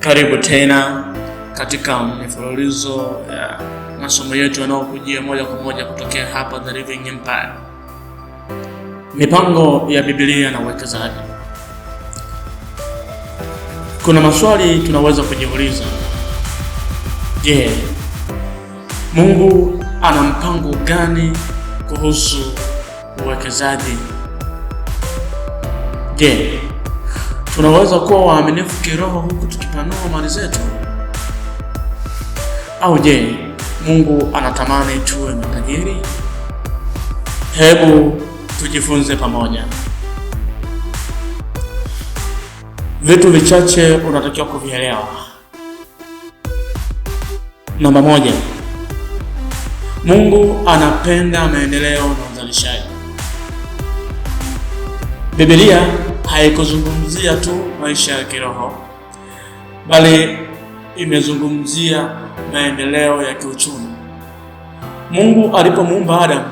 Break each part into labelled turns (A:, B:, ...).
A: Karibu tena katika mifululizo ya masomo yetu yanayokujia moja kwa moja kutokea hapa The Living Empire. Mipango ya Biblia na uwekezaji. Kuna maswali tunaweza kujiuliza. Je, Mungu ana mpango gani kuhusu uwekezaji? Je, tunaweza kuwa waaminifu kiroho huku tukipanua mali zetu? Au je, Mungu anatamani tuwe matajiri? Hebu tujifunze pamoja vitu vichache unatakiwa kuvielewa. Namba moja, Mungu anapenda maendeleo na uzalishaji. Biblia haikuzungumzia tu maisha ya kiroho, bali imezungumzia maendeleo ya kiuchumi. Mungu alipomuumba Adamu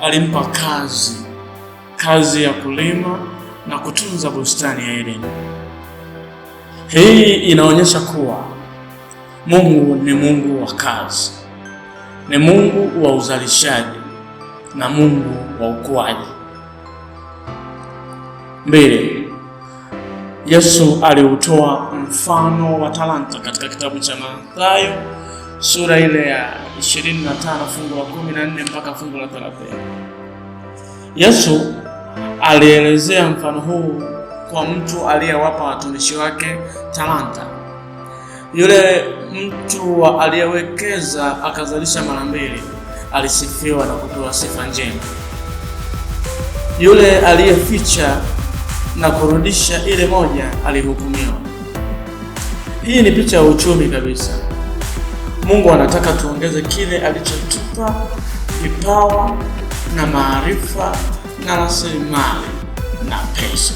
A: alimpa kazi, kazi ya kulima na kutunza bustani ya Edeni. Hii inaonyesha kuwa Mungu ni Mungu wa kazi, ni Mungu wa uzalishaji na Mungu wa ukuaji. Mbili, Yesu aliutoa mfano wa talanta katika kitabu cha Mathayo sura ile ya 25 fungu la 14 mpaka fungu la 30. Yesu alielezea mfano huu kwa mtu aliyewapa watumishi wake talanta. Yule mtu aliyewekeza akazalisha mara mbili, alisifiwa na kupewa sifa njema. Yule aliyeficha na kurudisha ile moja alihukumiwa. Hii ni picha ya uchumi kabisa. Mungu anataka tuongeze kile alichotupa vipawa na maarifa na rasilimali na pesa,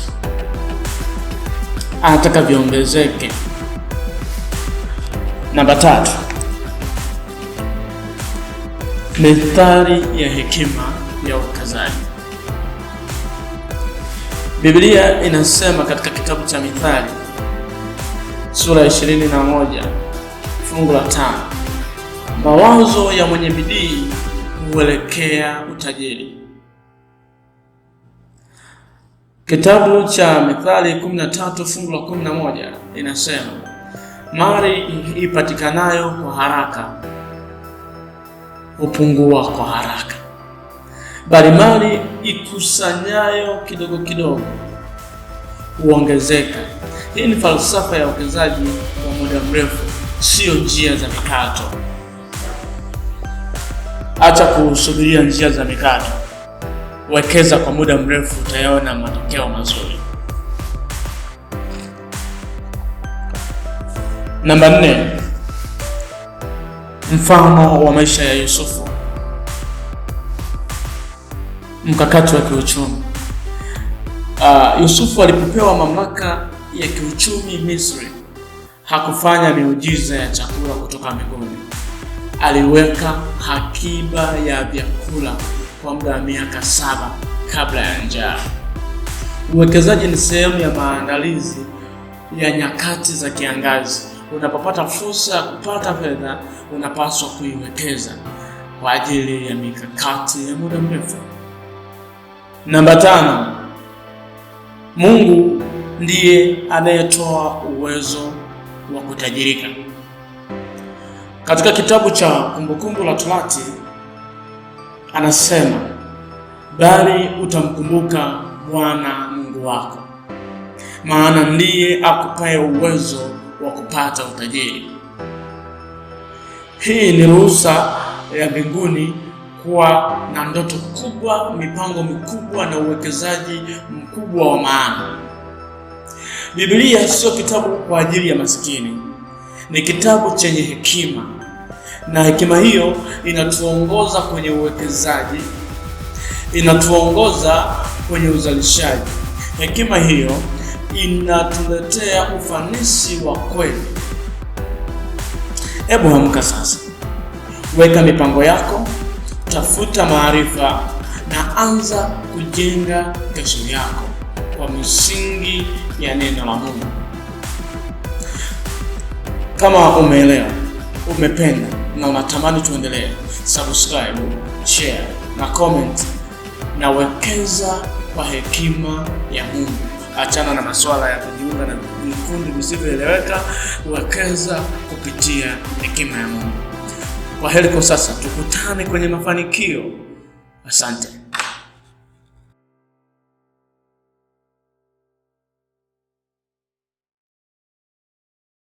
A: anataka viongezeke. Namba tatu, methali ya hekima ya ukazaji. Biblia inasema katika kitabu cha Mithali sura ya 21 fungu la tano, mawazo ya mwenye bidii huelekea utajiri. Kitabu cha Mithali 13 fungu la 11 inasema mali ipatikanayo kwa haraka hupungua kwa haraka. Bali ikusanyayo kidogo kidogo huongezeka. Hii ni falsafa ya uwekezaji wa muda mrefu, sio njia za mikato. Acha kusubiria njia za mikato, wekeza kwa muda mrefu, utayaona matokeo mazuri. Namba nne, mfano wa maisha ya Yusufu mkakati wa kiuchumi. Uh, Yusufu alipopewa mamlaka ya kiuchumi Misri hakufanya miujiza ya chakula kutoka mbinguni. Aliweka akiba ya vyakula kwa muda wa miaka saba kabla ya njaa. Uwekezaji ni sehemu ya maandalizi ya nyakati za kiangazi. Unapopata fursa ya kupata fedha, unapaswa kuiwekeza kwa ajili ya mikakati ya muda mrefu. Namba tano, Mungu ndiye anayetoa uwezo wa kutajirika. Katika kitabu cha Kumbukumbu la Torati anasema, bali utamkumbuka Bwana Mungu wako, maana ndiye akupaye uwezo wa kupata utajiri. Hii ni ruhusa ya mbinguni kuwa na ndoto kubwa, mipango mikubwa na uwekezaji mkubwa wa maana. Biblia sio kitabu kwa ajili ya masikini, ni kitabu chenye hekima, na hekima hiyo inatuongoza kwenye uwekezaji, inatuongoza kwenye uzalishaji. Hekima hiyo inatuletea ufanisi wa kweli. Hebu amka sasa, weka mipango yako tafuta maarifa na anza kujenga kesho yako kwa misingi ya neno la Mungu. Kama umeelewa, umependa na unatamani tuendelee, subscribe, share na comment, na wekeza kwa hekima ya Mungu. Achana na masuala ya kujiunga na vikundi visivyoeleweka, wekeza kupitia hekima ya Mungu. Kwa heri kwa sasa, tukutane kwenye mafanikio. Asante.